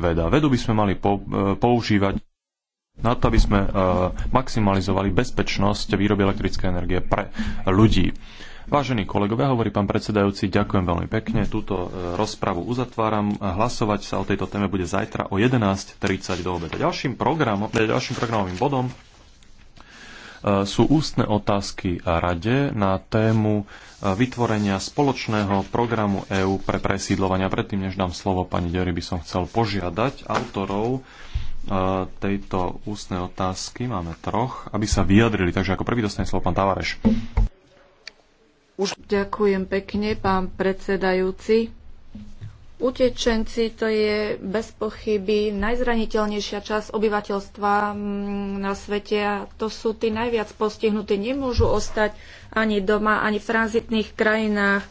veda. Vedu by sme mali e, používať na to, aby sme e, maximalizovali bezpečnosť výroby elektrickej energie pre ľudí. Vážení kolegovia, hovorí pán predsedajúci, ďakujem veľmi pekne. Túto e, rozpravu uzatváram. Hlasovať sa o tejto téme bude zajtra o 11.30 do obeda. Ďalším, program, ďalším programovým bodom E, sú ústne otázky a rade na tému e, vytvorenia spoločného programu EÚ pre presídlovania. Predtým, než dám slovo pani Dery, by som chcel požiadať autorov e, tejto ústnej otázky, máme troch, aby sa vyjadrili. Takže ako prvý dostane slovo pán Tavareš. Už... Ďakujem pekne, pán predsedajúci. Utečenci to je bez pochyby najzraniteľnejšia časť obyvateľstva mm, na svete a to sú tí najviac postihnutí. Nemôžu ostať ani doma, ani v tranzitných krajinách.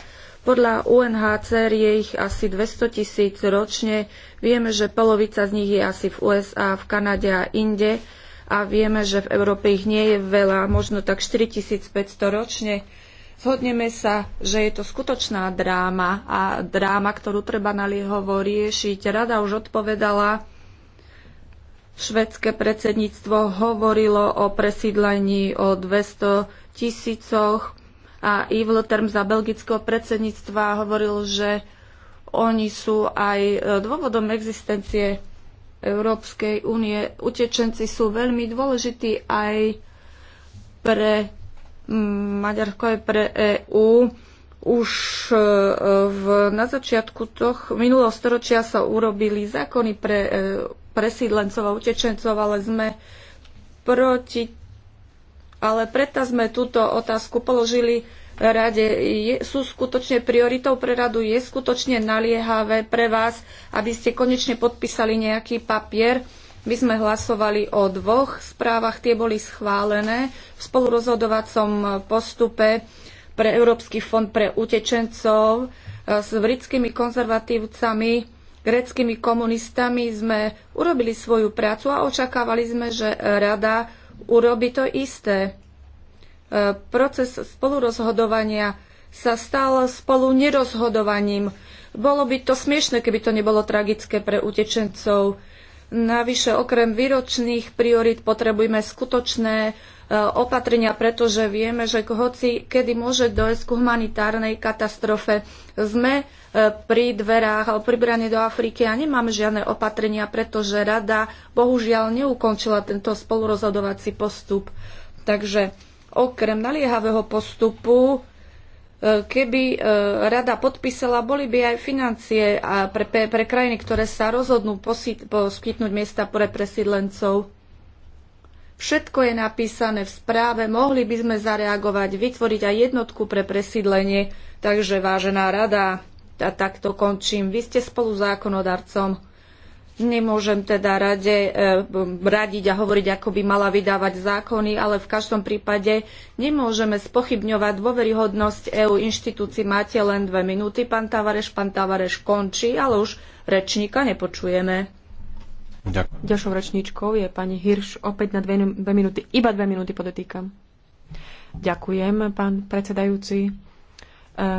Podľa UNHCR je ich asi 200 tisíc ročne. Vieme, že polovica z nich je asi v USA, v Kanade a inde a vieme, že v Európe ich nie je veľa, možno tak 4500 ročne Zhodneme sa, že je to skutočná dráma a dráma, ktorú treba naliehovo riešiť. Rada už odpovedala, švedské predsedníctvo hovorilo o presídlení o 200 tisícoch a Yves Leterm za belgického predsedníctva hovoril, že oni sú aj dôvodom existencie Európskej únie. Utečenci sú veľmi dôležití aj pre Maďarsko je pre EÚ už e, v, na začiatku toch minulého storočia sa urobili zákony pre e, presídlencov a utečencov, ale sme proti. Ale preto sme túto otázku položili rade. Je, sú skutočne prioritou pre radu? Je skutočne naliehavé pre vás, aby ste konečne podpísali nejaký papier? My sme hlasovali o dvoch správach, tie boli schválené v spolurozhodovacom postupe pre Európsky fond pre utečencov e, s britskými konzervatívcami, greckými komunistami sme urobili svoju prácu a očakávali sme, že rada urobi to isté. E, proces spolurozhodovania sa stal spolu nerozhodovaním. Bolo by to smiešne, keby to nebolo tragické pre utečencov Navyše, okrem výročných priorit potrebujeme skutočné e, opatrenia, pretože vieme, že hoci kedy môže dojsť k humanitárnej katastrofe, sme e, pri dverách alebo pri brane do Afriky a nemáme žiadne opatrenia, pretože rada bohužiaľ neukončila tento spolurozhodovací postup. Takže okrem naliehavého postupu keby e, rada podpísala, boli by aj financie a pre, pre krajiny, ktoré sa rozhodnú poskytnúť miesta pre presídlencov. Všetko je napísané v správe, mohli by sme zareagovať, vytvoriť aj jednotku pre presídlenie. Takže, vážená rada, a takto končím. Vy ste spoluzákonodarcom Nemôžem teda rade, e, radiť a hovoriť, ako by mala vydávať zákony, ale v každom prípade nemôžeme spochybňovať dôveryhodnosť EU inštitúcií. Máte len dve minúty, pán Tavareš. Pán Tavareš končí, ale už rečníka nepočujeme. Ďakujem. Ďalšou rečníčkou je pani Hirš opäť na dve, dve minúty. Iba dve minúty podotýkam. Ďakujem, pán predsedajúci. E,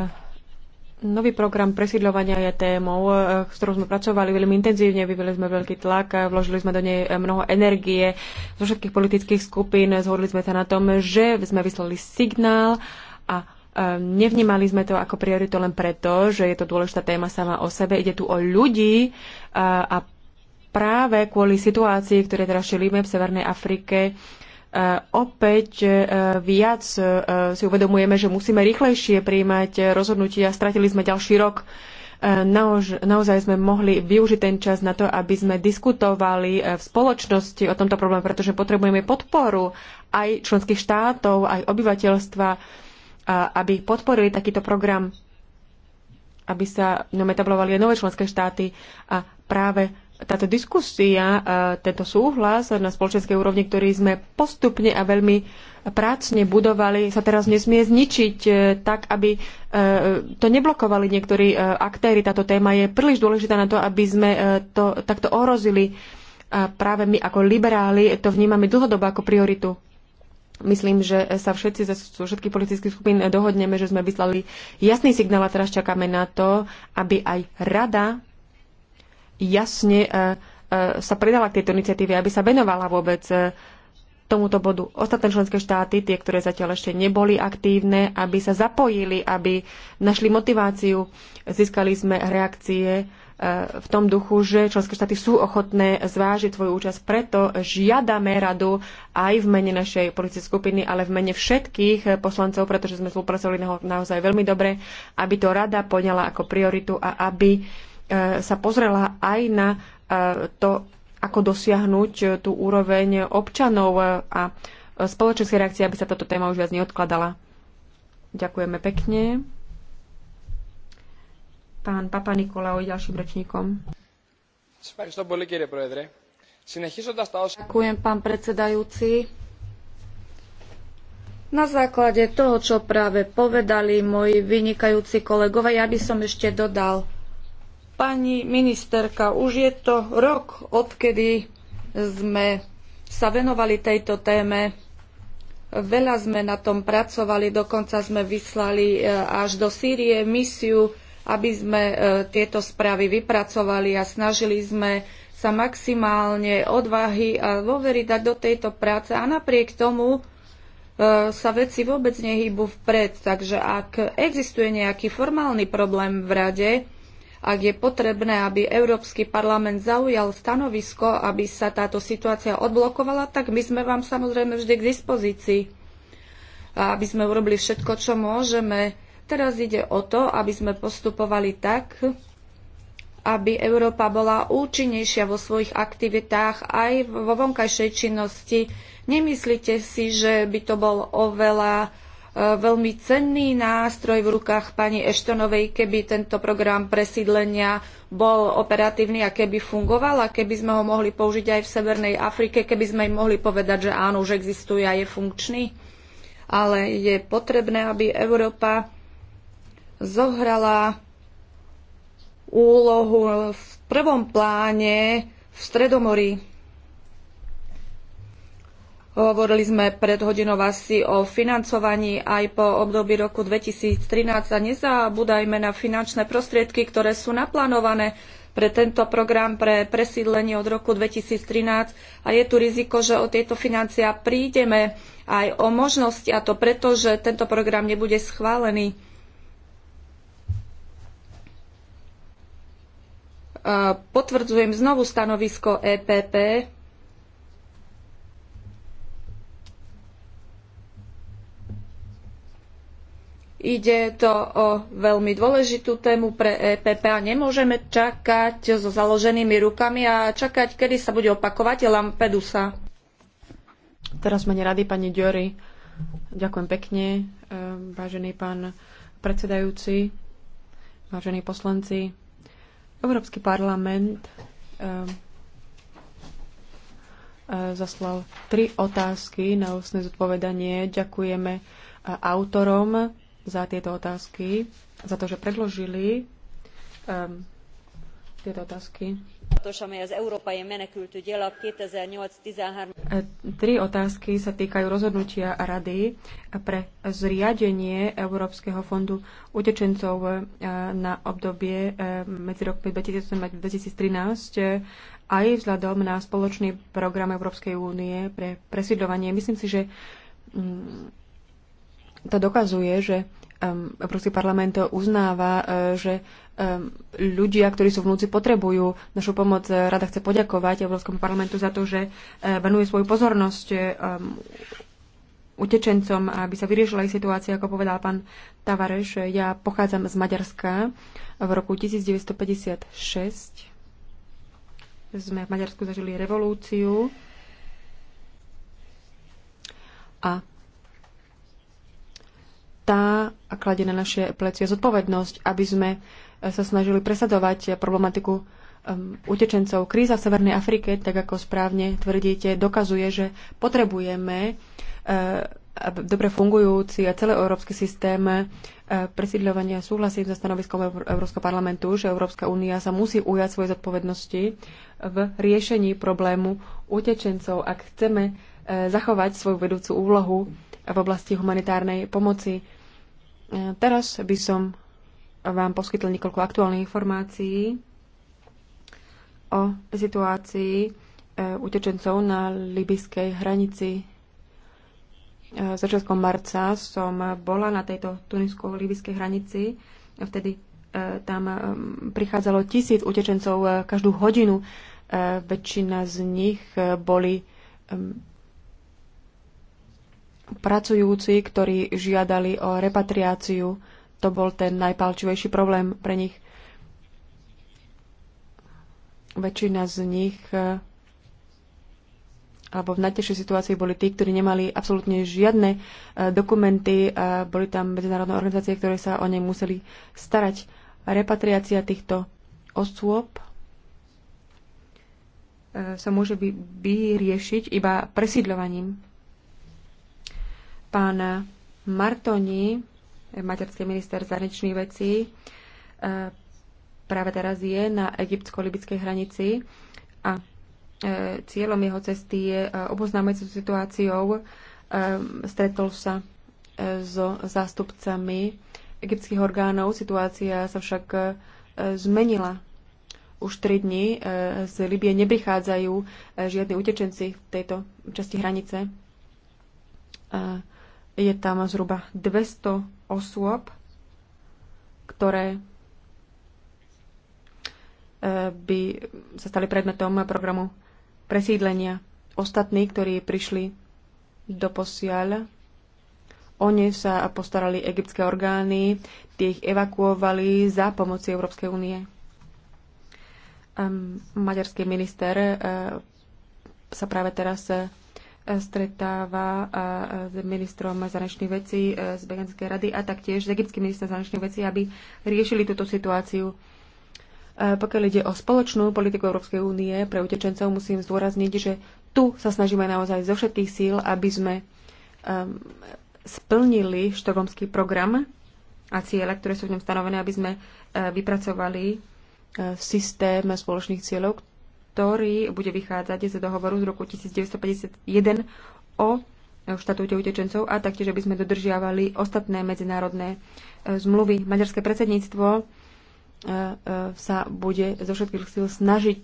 Nový program presídľovania je témou, e, s ktorou sme pracovali veľmi intenzívne, vyvili sme veľký tlak, e, vložili sme do nej e, mnoho energie zo všetkých politických skupín, zhodli sme sa na tom, že sme vyslali signál a nevnímali sme to ako prioritu len preto, že je to dôležitá téma sama o sebe. Ide tu o ľudí a práve kvôli situácii, ktoré teraz šelíme v Severnej Afrike, Eh, opäť eh, viac eh, si uvedomujeme, že musíme rýchlejšie príjmať rozhodnutia. Stratili sme ďalší rok. Naož, naozaj sme mohli využiť ten čas na to, aby sme diskutovali v spoločnosti o tomto probléme, pretože potrebujeme podporu aj členských štátov, aj obyvateľstva, aby podporili takýto program, aby sa etablovali aj nové členské štáty a práve táto diskusia, e, tento súhlas na spoločenskej úrovni, ktorý sme postupne a veľmi prácne budovali, sa teraz nesmie zničiť e, tak, aby e, to neblokovali niektorí aktéry. Táto téma je príliš dôležitá na to, aby sme to takto ohrozili. A práve my ako liberáli to vnímame dlhodobo ako prioritu. Myslím, že sa všetci ze všetkých politických skupín dohodneme, že sme vyslali jasný signál a teraz čakáme na to, aby aj rada jasne e, e, sa predala k tejto iniciatíve, aby sa venovala vôbec e, tomuto bodu. Ostatné členské štáty, tie, ktoré zatiaľ ešte neboli aktívne, aby sa zapojili, aby našli motiváciu. Získali sme reakcie v tom duchu, že členské štáty sú ochotné zvážiť svoju účasť. Preto žiadame radu aj v mene našej policie skupiny, ale v mene všetkých poslancov, pretože sme spolupracovali naozaj veľmi dobre, aby to rada poňala ako prioritu a aby E, sa pozrela aj na e, to, ako dosiahnuť e, tú úroveň občanov a spoločenskej reakcie, aby sa táto téma už viac neodkladala. Ďakujeme pekne. Pán Papa Nikolao ďalším rečníkom. Ďakujem, pán predsedajúci. Na základe toho, čo práve povedali moji vynikajúci kolegovia, ja by som ešte dodal Pani ministerka, už je to rok, odkedy sme sa venovali tejto téme. Veľa sme na tom pracovali, dokonca sme vyslali e, až do Sýrie misiu, aby sme e, tieto správy vypracovali a snažili sme sa maximálne odvahy a dôvery dať do tejto práce a napriek tomu e, sa veci vôbec nehýbu vpred. Takže ak existuje nejaký formálny problém v rade, ak je potrebné, aby Európsky parlament zaujal stanovisko, aby sa táto situácia odblokovala, tak my sme vám samozrejme vždy k dispozícii, aby sme urobili všetko, čo môžeme. Teraz ide o to, aby sme postupovali tak, aby Európa bola účinnejšia vo svojich aktivitách aj vo vonkajšej činnosti. Nemyslíte si, že by to bol oveľa veľmi cenný nástroj v rukách pani Eštonovej, keby tento program presídlenia bol operatívny a keby fungoval a keby sme ho mohli použiť aj v Severnej Afrike, keby sme im mohli povedať, že áno, už existuje a je funkčný. Ale je potrebné, aby Európa zohrala úlohu v prvom pláne v Stredomorí Hovorili sme pred hodinou asi o financovaní aj po období roku 2013 a nezabúdajme na finančné prostriedky, ktoré sú naplánované pre tento program pre presídlenie od roku 2013 a je tu riziko, že o tieto financia prídeme aj o možnosti a to preto, že tento program nebude schválený. Potvrdzujem znovu stanovisko EPP Ide to o veľmi dôležitú tému pre EPP a nemôžeme čakať so založenými rukami a čakať, kedy sa bude opakovať Lampedusa. Teraz mene rady pani Diory. Ďakujem pekne, e, vážený pán predsedajúci, vážení poslanci. Európsky parlament e, e, zaslal tri otázky na ústne zodpovedanie. Ďakujeme autorom za tieto otázky, za to, že predložili um, tieto otázky. E, tri otázky sa týkajú rozhodnutia Rady pre zriadenie Európskeho fondu utečencov e, na obdobie e, medzi rokmi 2008 a 2013 aj vzhľadom na spoločný program Európskej únie pre presidovanie. Myslím si, že mm, to dokazuje, že um, Európsky parlament uznáva, uh, že um, ľudia, ktorí sú vnúci, potrebujú našu pomoc. Rada chce poďakovať Európskom parlamentu za to, že uh, venuje svoju pozornosť um, utečencom, aby sa vyriešila ich situácia, ako povedal pán Tavareš. Ja pochádzam z Maďarska. V roku 1956 sme v Maďarsku zažili revolúciu a tá kladie na naše plecie zodpovednosť, aby sme eh, sa snažili presadovať eh, problematiku ehm, utečencov. Kríza v Severnej Afrike, tak ako správne tvrdíte, dokazuje, že potrebujeme eh, dobre fungujúci a celý európsky systém presídľovania súhlasím so stanoviskom Európskeho parlamentu, že Európska únia sa musí ujať svoje zodpovednosti v riešení problému utečencov, ak chceme zachovať svoju vedúcu úlohu v oblasti humanitárnej pomoci Teraz by som vám poskytl niekoľko aktuálnych informácií o situácii e, utečencov na libyskej hranici. E, začiatkom marca som bola na tejto tunisko-libyskej hranici. Vtedy e, tam prichádzalo tisíc utečencov každú hodinu. Väčšina z nich boli pracujúci, ktorí žiadali o repatriáciu. To bol ten najpalčivejší problém pre nich. Väčšina z nich eh, alebo v najtežšej situácii boli tí, ktorí nemali absolútne žiadne eh, dokumenty. Boli tam medzinárodné organizácie, ktoré sa o ne museli starať. Repatriácia týchto osôb eh, sa môže vyriešiť iba presídľovaním Pán Martoni, materský minister zahraničných vecí, e, práve teraz je na egyptsko-libickej hranici a e, cieľom jeho cesty je e, oboznámiť sa s situáciou. Stretol sa so zástupcami egyptských orgánov. Situácia sa však zmenila. Už tri dni z Libie neprichádzajú žiadni utečenci v tejto časti hranice. Je tam zhruba 200 osôb, ktoré e, by sa stali predmetom programu presídlenia. Ostatní, ktorí prišli do posiaľ, ne sa postarali egyptské orgány, tie ich evakuovali za pomoci Európskej únie. maďarský minister e, sa práve teraz e, stretáva s ministrom zahraničných vecí e, z Beganskej rady a taktiež s egyptským ministrom zahraničných vecí, aby riešili túto situáciu. E, pokiaľ ide o spoločnú politiku Európskej únie pre utečencov, musím zdôrazniť, že tu sa snažíme naozaj zo všetkých síl, aby sme splnili štokholmský program a ciele, ktoré sú v ňom stanovené, aby sme e, vypracovali systém spoločných cieľov, ktorý bude vychádzať z dohovoru z roku 1951 o štatúte utečencov a taktiež, aby sme dodržiavali ostatné medzinárodné e, zmluvy. Maďarské predsedníctvo e, e, sa bude zo všetkých síl snažiť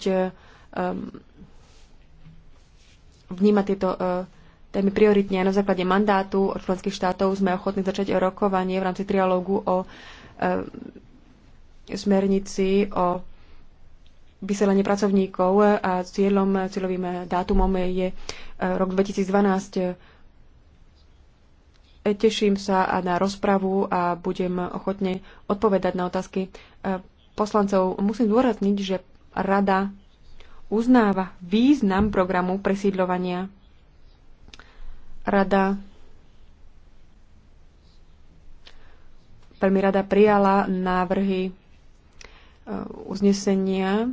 vnímať tieto témy prioritne. Na základe mandátu od členských štátov sme ochotní začať rokovanie v rámci trialógu o smernici o vyselenie pracovníkov a cieľom, cieľovým dátumom je eh, rok 2012. E, teším sa na rozpravu a budem ochotne odpovedať na otázky eh, poslancov. Musím zdôrazniť, že rada uznáva význam programu presídľovania. Rada veľmi rada prijala návrhy eh, uznesenia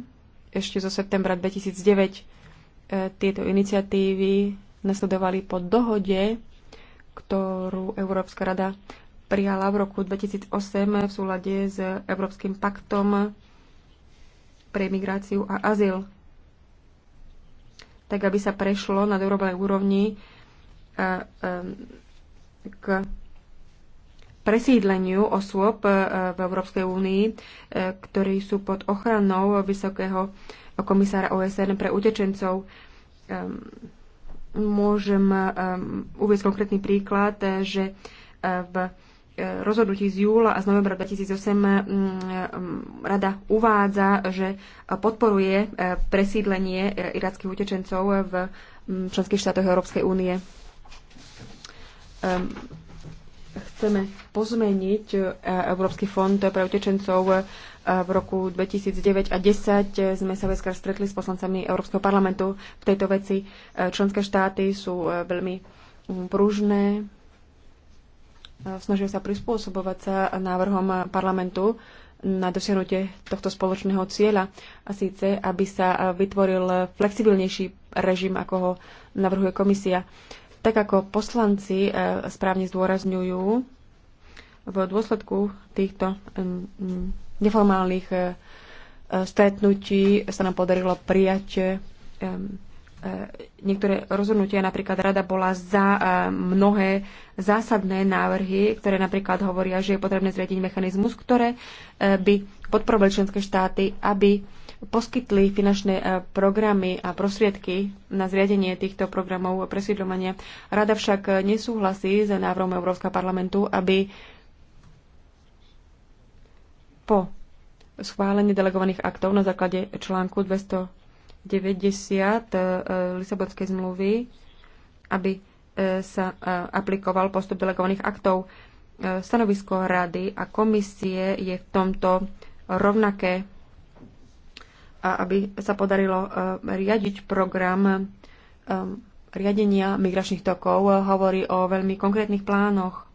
ešte zo septembra 2009. E, tieto iniciatívy nasledovali po dohode, ktorú Európska rada prijala v roku 2008 v súlade s Európskym paktom pre migráciu a azyl. Tak, aby sa prešlo na dobrovej úrovni e, e, k presídleniu osôb e, v Európskej únii, e, ktorí sú pod ochranou vysokého komisára OSN pre utečencov. Ehm, môžem ehm, uvieť konkrétny príklad, e, že v rozhodnutí z júla a z novembra 2008 mm, rada uvádza, že podporuje presídlenie irackých utečencov v členských štátoch Európskej únie ehm, chceme pozmeniť e, Európsky fond pre utečencov e, v roku 2009 a 2010 sme sa veskar stretli s poslancami Európskeho parlamentu v tejto veci. E, členské štáty sú veľmi pružné, snažia sa prispôsobovať sa návrhom parlamentu na dosiahnutie tohto spoločného cieľa a síce, aby sa vytvoril flexibilnejší režim, ako ho navrhuje komisia. Tak ako poslanci e, správne zdôrazňujú, v dôsledku týchto neformálnych e, e, stretnutí sa nám podarilo prijať niektoré rozhodnutia, napríklad rada bola za mnohé zásadné návrhy, ktoré napríklad hovoria, že je potrebné zriadiť mechanizmus, ktoré by podporovali členské štáty, aby poskytli finančné e, programy a prostriedky na zriadenie týchto programov presídľovania. Rada však e, nesúhlasí s návrhom Európskeho parlamentu, aby po schválení delegovaných aktov na základe článku 290 e, Lisabonskej zmluvy, aby sa aplikoval postup delegovaných aktov. Stanovisko rady a komisie je v tomto rovnaké a aby sa podarilo e, riadiť program e, riadenia migračných tokov, hovorí o veľmi konkrétnych plánoch. E,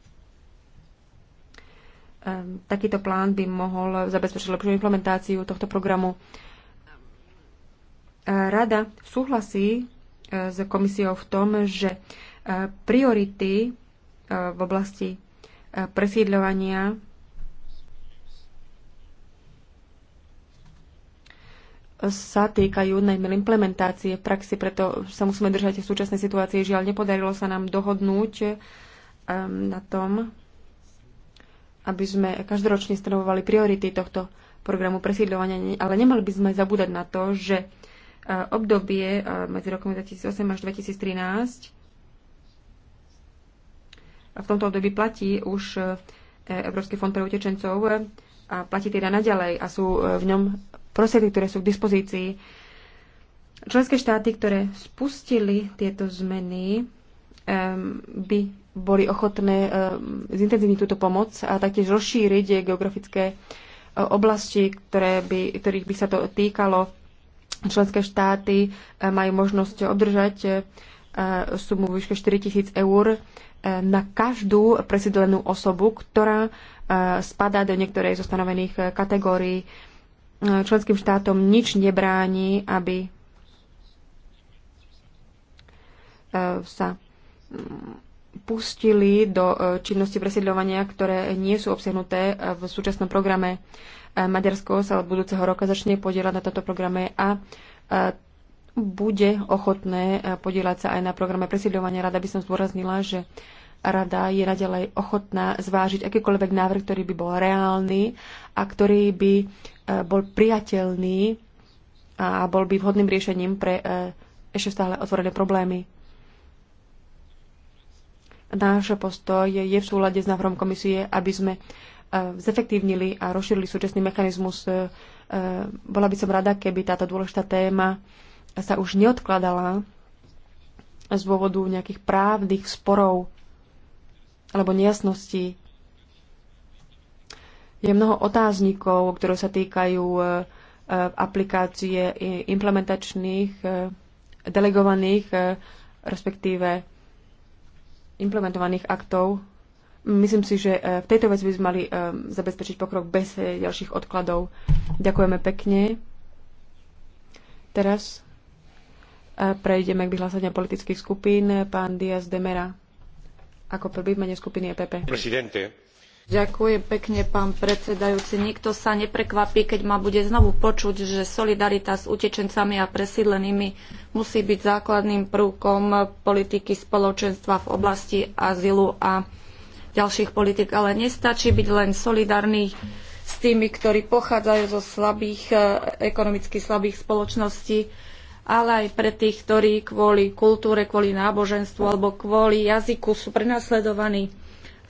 takýto plán by mohol zabezpečiť lepšiu implementáciu tohto programu. Rada súhlasí s komisiou v tom, že priority v oblasti presídľovania sa týkajú najmä implementácie v praxi, preto sa musíme držať v súčasnej situácii. Žiaľ, nepodarilo sa nám dohodnúť um, na tom, aby sme každoročne stanovovali priority tohto programu presídľovania, ale nemali by sme zabúdať na to, že uh, obdobie uh, medzi rokom 2008 až 2013 v tomto období platí už uh, Európsky fond pre utečencov a platí teda naďalej a sú v ňom prostriedky, ktoré sú k dispozícii. Členské štáty, ktoré spustili tieto zmeny, by boli ochotné zintenzívniť túto pomoc a taktiež rozšíriť geografické e, oblasti, ktoré by, ktorých by sa to týkalo. Členské štáty e, majú možnosť obdržať e, sumu výške 4000 eur na každú presídlenú osobu, ktorá spadá do niektorej zo stanovených kategórií členským štátom nič nebráni, aby e, sa mm, pustili do e, činnosti presiedľovania, ktoré nie sú obsiahnuté e, v súčasnom programe. Maďarsko sa od budúceho roka začne podielať na tomto programe a bude ochotné podielať sa aj na programe presiedľovania. Rada by som zdôraznila, že rada je naďalej ochotná zvážiť akýkoľvek návrh, ktorý by bol reálny a ktorý by e, bol priateľný a bol by vhodným riešením pre e, ešte stále otvorené problémy. Náš postoj je v súlade s návrhom komisie, aby sme e, zefektívnili a rozšírili súčasný mechanizmus. Bola by som rada, keby táto dôležitá téma sa už neodkladala z dôvodu nejakých právnych sporov alebo nejasností. Je mnoho otáznikov, ktoré sa týkajú e, e, aplikácie implementačných, e, delegovaných, respektíve implementovaných aktov. Myslím si, že v tejto veci by sme mali zabezpečiť pokrok bez ďalších odkladov. Ďakujeme pekne. Teraz prejdeme k vyhláseniu politických skupín. Pán Diaz Demera ako prvý v mene skupiny EPP. Presidente. Ďakujem pekne, pán predsedajúci. Nikto sa neprekvapí, keď ma bude znovu počuť, že solidarita s utečencami a presídlenými musí byť základným prvkom politiky spoločenstva v oblasti azylu a ďalších politik. Ale nestačí byť len solidárny s tými, ktorí pochádzajú zo slabých, eh, ekonomicky slabých spoločností ale aj pre tých, ktorí kvôli kultúre, kvôli náboženstvu alebo kvôli jazyku sú prenasledovaní.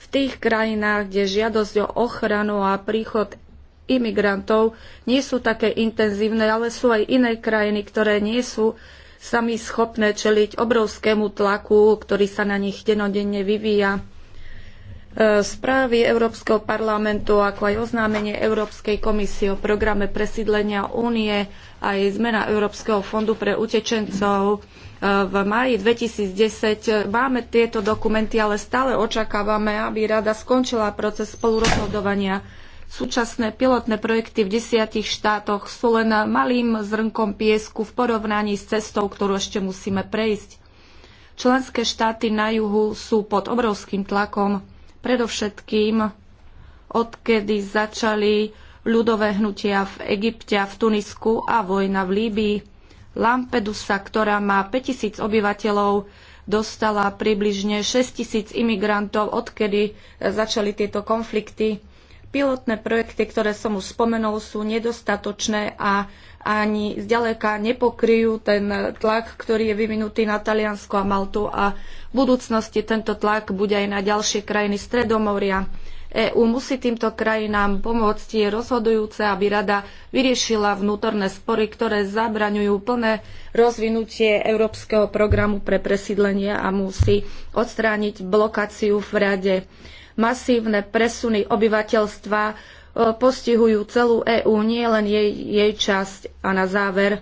V tých krajinách, kde žiadosť o ochranu a príchod imigrantov nie sú také intenzívne, ale sú aj iné krajiny, ktoré nie sú sami schopné čeliť obrovskému tlaku, ktorý sa na nich denodenne vyvíja. E, správy Európskeho parlamentu, ako aj oznámenie Európskej komisie o programe presídlenia únie aj zmena Európskeho fondu pre utečencov e, v maji 2010. Máme tieto dokumenty, ale stále očakávame, aby rada skončila proces spolurozhodovania. Súčasné pilotné projekty v desiatich štátoch sú len malým zrnkom piesku v porovnaní s cestou, ktorú ešte musíme prejsť. Členské štáty na juhu sú pod obrovským tlakom predovšetkým odkedy začali ľudové hnutia v Egypte a v Tunisku a vojna v Líbii. Lampedusa, ktorá má 5000 obyvateľov, dostala približne 6000 imigrantov, odkedy začali tieto konflikty. Pilotné projekty, ktoré som už spomenul, sú nedostatočné a ani zďaleka nepokryjú ten tlak, ktorý je vyvinutý na Taliansko a Maltu a v budúcnosti tento tlak bude aj na ďalšie krajiny Stredomoria. EÚ musí týmto krajinám pomôcť. Je rozhodujúce, aby rada vyriešila vnútorné spory, ktoré zabraňujú plné rozvinutie Európskeho programu pre presídlenie a musí odstrániť blokáciu v rade masívne presuny obyvateľstva e, postihujú celú EÚ, nie len jej, jej časť. A na záver,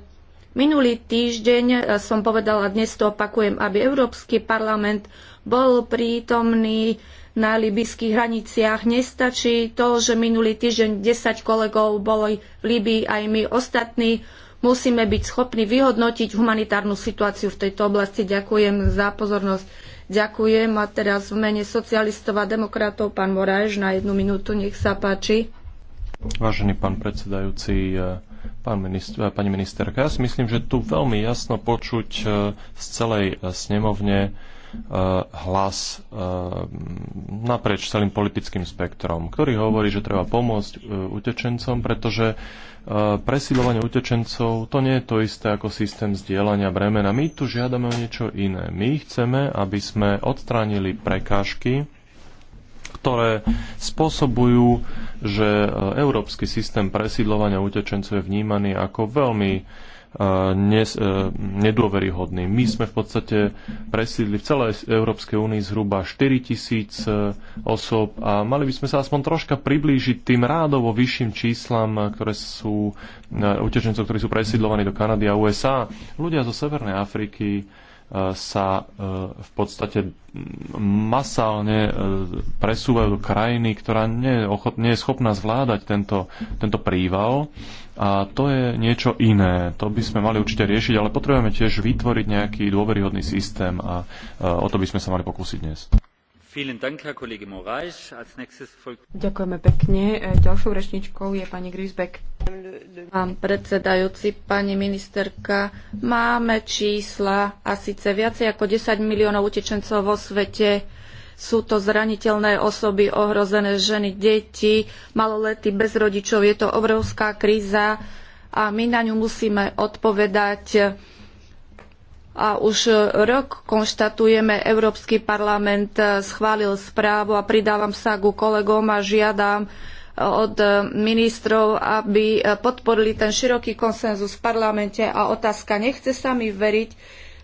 minulý týždeň e, som povedala, dnes to opakujem, aby Európsky parlament bol prítomný na libyských hraniciach. Nestačí to, že minulý týždeň 10 kolegov bolo v Libii, aj my ostatní. Musíme byť schopní vyhodnotiť humanitárnu situáciu v tejto oblasti. Ďakujem za pozornosť. Ďakujem a teraz v mene socialistov a demokratov pán Moráš na jednu minútu, nech sa páči. Vážený pán predsedajúci, e, pán minister, e, pani ministerka, ja si myslím, že tu veľmi jasno počuť e, z celej snemovne Eh, hlas eh, naprieč celým politickým spektrom, ktorý hovorí, že treba pomôcť eh, utečencom, pretože presilovanie utečencov to nie je to isté ako systém zdieľania bremena. My tu žiadame o niečo iné. My chceme, aby sme odstránili prekážky, ktoré spôsobujú, že európsky systém presídlovania utečencov je vnímaný ako veľmi ne, nedôveryhodný. My sme v podstate presídli v celej Európskej únii zhruba 4 tisíc osôb a mali by sme sa aspoň troška priblížiť tým rádovo vyšším číslam, ktoré sú utečencov, ktorí sú presídlovaní do Kanady a USA. Ľudia zo Severnej Afriky, sa e, v podstate masálne e, presúvajú do krajiny, ktorá nie je, ochot, nie je schopná zvládať tento, tento príval. A to je niečo iné. To by sme mali určite riešiť, ale potrebujeme tiež vytvoriť nejaký dôveryhodný systém a e, o to by sme sa mali pokúsiť dnes. Ďakujeme pekne. E, ďalšou rečničkou je pani Grisbeck. Pán predsedajúci, pani ministerka, máme čísla a síce viacej ako 10 miliónov utečencov vo svete. Sú to zraniteľné osoby, ohrozené ženy, deti, maloletí bez rodičov. Je to obrovská kríza a my na ňu musíme odpovedať a už e, rok konštatujeme, Európsky parlament e, schválil správu a pridávam sa ku kolegom a žiadam e, od ministrov, aby podporili ten široký konsenzus v parlamente a otázka, nechce sa mi veriť,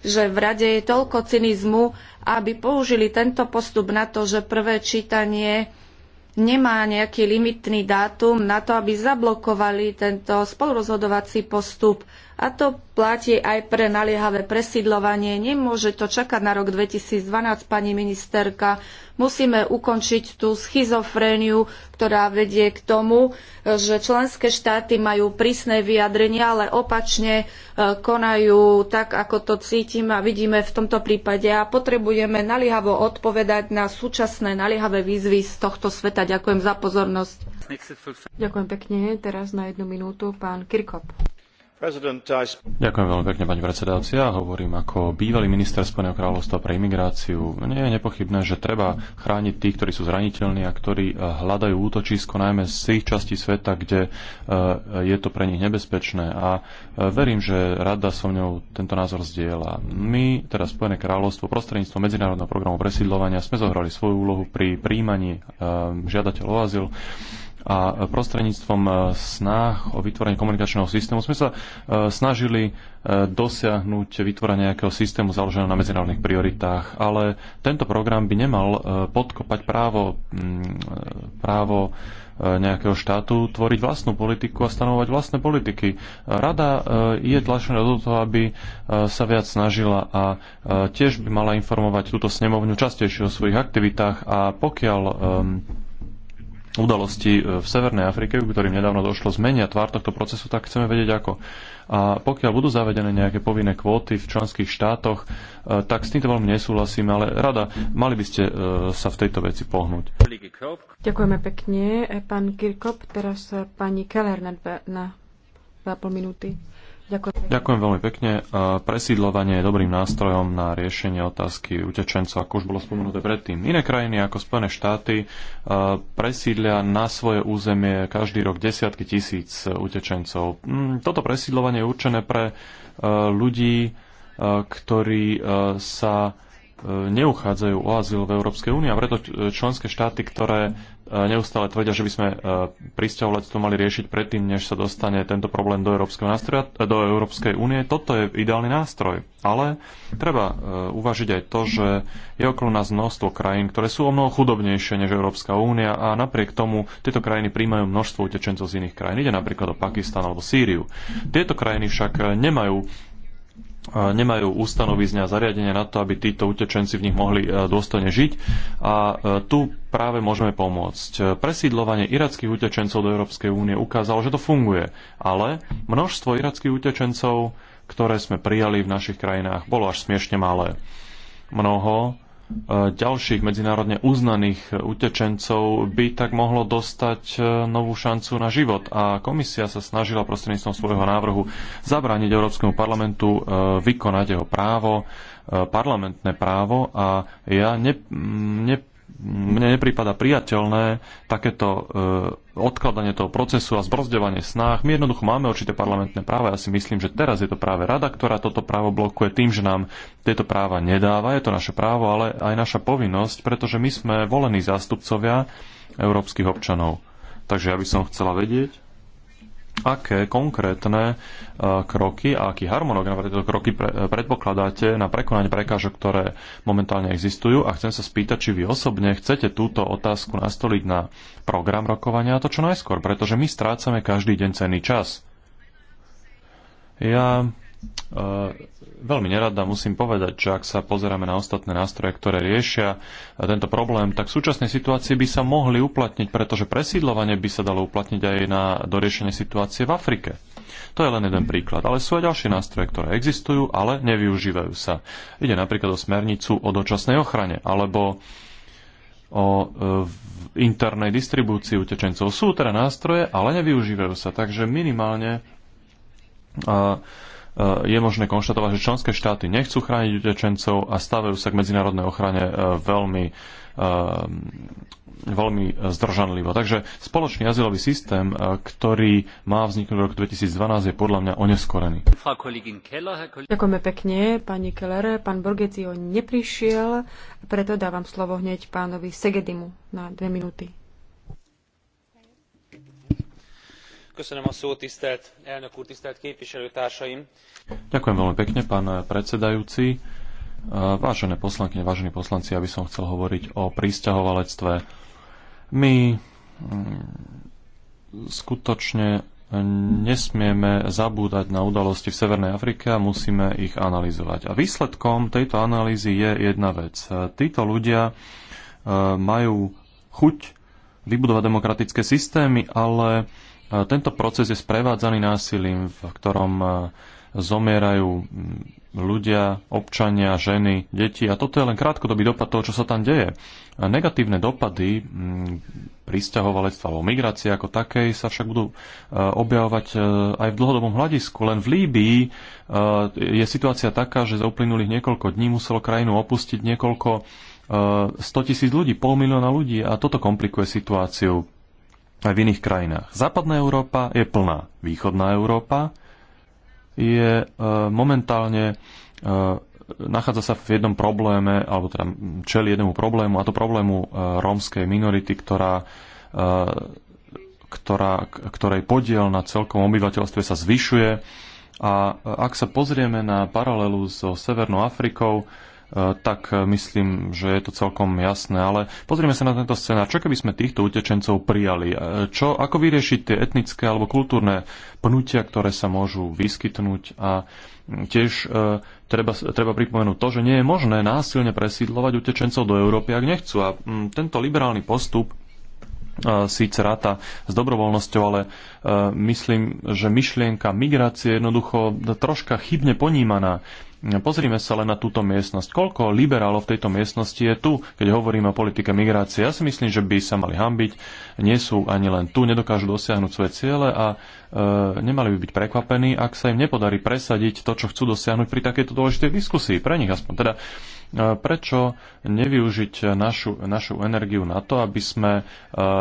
že v rade je toľko cynizmu, aby použili tento postup na to, že prvé čítanie nemá nejaký limitný dátum na to, aby zablokovali tento spolurozhodovací postup a to platí aj pre naliehavé presídlovanie. Nemôže to čakať na rok 2012, pani ministerka. Musíme ukončiť tú schizofréniu, ktorá vedie k tomu, že členské štáty majú prísne vyjadrenia, ale opačne e, konajú tak, ako to cítim a vidíme v tomto prípade. A potrebujeme naliehavo odpovedať na súčasné naliehavé výzvy z tohto sveta. Ďakujem za pozornosť. Ďakujem pekne. Teraz na jednu minútu pán Kirkop. Ďakujem veľmi pekne, pani predsedajúca. Ja hovorím ako bývalý minister Spojeného kráľovstva pre imigráciu. Nie je nepochybné, že treba chrániť tých, ktorí sú zraniteľní a ktorí eh, hľadajú útočisko najmä z tých častí sveta, kde eh, je to pre nich nebezpečné. A eh, verím, že rada so mňou tento názor zdieľa. My, teda Spojené kráľovstvo, prostredníctvom Medzinárodného programu presídľovania sme zohrali svoju úlohu pri príjmaní žiadateľov o azyl a prostredníctvom e, snah o vytvorení komunikačného systému sme sa e, snažili e, dosiahnuť vytvorenie nejakého systému založeného na medzinárodných prioritách, ale tento program by nemal podkopať právo, právo nejakého štátu tvoriť vlastnú politiku a stanovať vlastné politiky. Rada je tlačená do toho, aby sa viac snažila a tiež by mala informovať túto snemovňu častejšie o svojich aktivitách a pokiaľ udalosti e, v Severnej Afrike, ktorým nedávno došlo, zmenia tvár tohto procesu, tak chceme vedieť ako. A pokiaľ budú zavedené nejaké povinné kvóty v členských štátoch, e, tak s týmto veľmi nesúhlasím, ale rada, mali by ste e, sa v tejto veci pohnúť. Ďakujeme pekne, pán Kirkop. Teraz pani Keller na, dva, na pol minúty. Ďakujem. Ďakujem veľmi pekne. Presídlovanie je dobrým nástrojom na riešenie otázky utečencov, ako už bolo spomenuté predtým. Iné krajiny ako Spojené štáty presídlia na svoje územie každý rok desiatky tisíc e, utečencov. Mm, toto presídlovanie je určené pre e, ľudí, e, ktorí sa neuchádzajú o azyl v Európskej únii a preto členské štáty, ktoré E, neustále tvrdia, že by sme e, to mali riešiť predtým, než sa dostane tento problém do Európskeho nástroja, e, do Európskej únie. Toto je ideálny nástroj. Ale treba uvažiť aj to, že je okolo nás množstvo krajín, ktoré sú o mnoho chudobnejšie než Európska únia a napriek tomu tieto krajiny príjmajú množstvo utečencov z iných krajín. Ide napríklad o Pakistan alebo Sýriu. Tieto krajiny však nemajú nemajú ustanovizňa a zariadenia na to, aby títo utečenci v nich mohli e, dôstojne žiť. A e, tu práve môžeme pomôcť. Presídlovanie irackých utečencov do Európskej únie ukázalo, že to funguje, ale množstvo irackých utečencov, ktoré sme prijali v našich krajinách, bolo až smiešne malé. Mnoho E, ďalších medzinárodne uznaných e, utečencov by tak mohlo dostať e, novú šancu na život. A komisia sa snažila prostredníctvom svojho návrhu zabrániť Európskemu parlamentu vykonať jeho právo, parlamentné právo a ja ne, ne, mne nepripada priateľné takéto e, odkladanie toho procesu a zbrzdovanie snách. My jednoducho máme určité parlamentné práva. Ja si myslím, že teraz je to práve rada, ktorá toto právo blokuje tým, že nám tieto práva nedáva. Je to naše právo, ale aj naša povinnosť, pretože my sme volení zástupcovia európskych občanov. Takže ja by som chcela vedieť, aké konkrétne e, kroky a aký harmonogram tieto kroky e, predpokladáte na prekonanie prekážok, ktoré momentálne existujú. A chcem sa spýtať, či vy osobne chcete túto otázku nastoliť na program rokovania a to čo najskôr, pretože my strácame každý deň cenný čas. Ja Eh, veľmi nerada musím povedať, že ak sa pozeráme na ostatné nástroje, ktoré riešia eh, tento problém, tak v súčasnej situácii by sa mohli uplatniť, pretože presídlovanie by sa dalo uplatniť aj na doriešenie situácie v Afrike. To je len jeden príklad, ale sú aj ďalšie nástroje, ktoré existujú, ale nevyužívajú sa. Ide napríklad o smernicu o dočasnej ochrane alebo o eh, internej distribúcii utečencov. Sú teda nástroje, ale nevyužívajú sa, takže minimálne uh, je možné konštatovať, že členské štáty nechcú chrániť utečencov a stavajú sa k medzinárodnej ochrane e, veľmi, e, veľmi zdržanlivo. Takže spoločný azylový systém, e, ktorý má vzniknúť v roku 2012, je podľa mňa oneskorený. Ďakujeme pekne, pani Keller. Pán ho neprišiel, preto dávam slovo hneď pánovi Segedimu na dve minúty. Ďakujem veľmi pekne, pán predsedajúci. Vážené poslanky, vážení poslanci, ja by som chcel hovoriť o prísťahovalectve. My mm, skutočne nesmieme zabúdať na udalosti v Severnej Afrike a musíme ich analyzovať. A výsledkom tejto analýzy je jedna vec. Títo ľudia e, majú chuť vybudovať demokratické systémy, ale tento proces je sprevádzaný násilím, v ktorom zomierajú ľudia, občania, ženy, deti a toto je len krátkodobý dopad toho, čo sa tam deje. Negatívne dopady pristahovalectva alebo migrácie ako takej sa však budú objavovať e, aj v dlhodobom hľadisku. Len v Líbii e, je situácia taká, že za uplynulých niekoľko dní muselo krajinu opustiť niekoľko 100 e, tisíc ľudí, pol milióna ľudí a toto komplikuje situáciu aj v iných krajinách. Západná Európa je plná. Východná Európa je e, momentálne e, nachádza sa v jednom probléme, alebo teda čeli jednému problému, a to problému e, rómskej minority, ktorá, ktorá, ktorej podiel na celkom obyvateľstve sa zvyšuje. A ak sa pozrieme na paralelu so Severnou Afrikou, E, tak e, myslím, že je to celkom jasné. Ale pozrieme sa na tento scénar. Čo keby sme týchto utečencov prijali? E, čo, ako vyriešiť tie etnické alebo kultúrne pnutia, ktoré sa môžu vyskytnúť? A tiež treba, treba pripomenúť to, že nie je možné násilne presídlovať utečencov do Európy, ak nechcú. A tento liberálny postup síce ráta s dobrovoľnosťou, ale myslím, že myšlienka migrácie je jednoducho troška chybne ponímaná. Pozrime sa len na túto miestnosť. Koľko liberálov v tejto miestnosti je tu, keď hovoríme o politike migrácie? Ja si myslím, že by sa mali hambiť nie sú ani len tu, nedokážu dosiahnuť svoje ciele a e, nemali by byť prekvapení, ak sa im nepodarí presadiť to, čo chcú dosiahnuť pri takejto dôležitej diskusii. Pre nich aspoň. Teda e, prečo nevyužiť našu, našu energiu na to, aby sme e,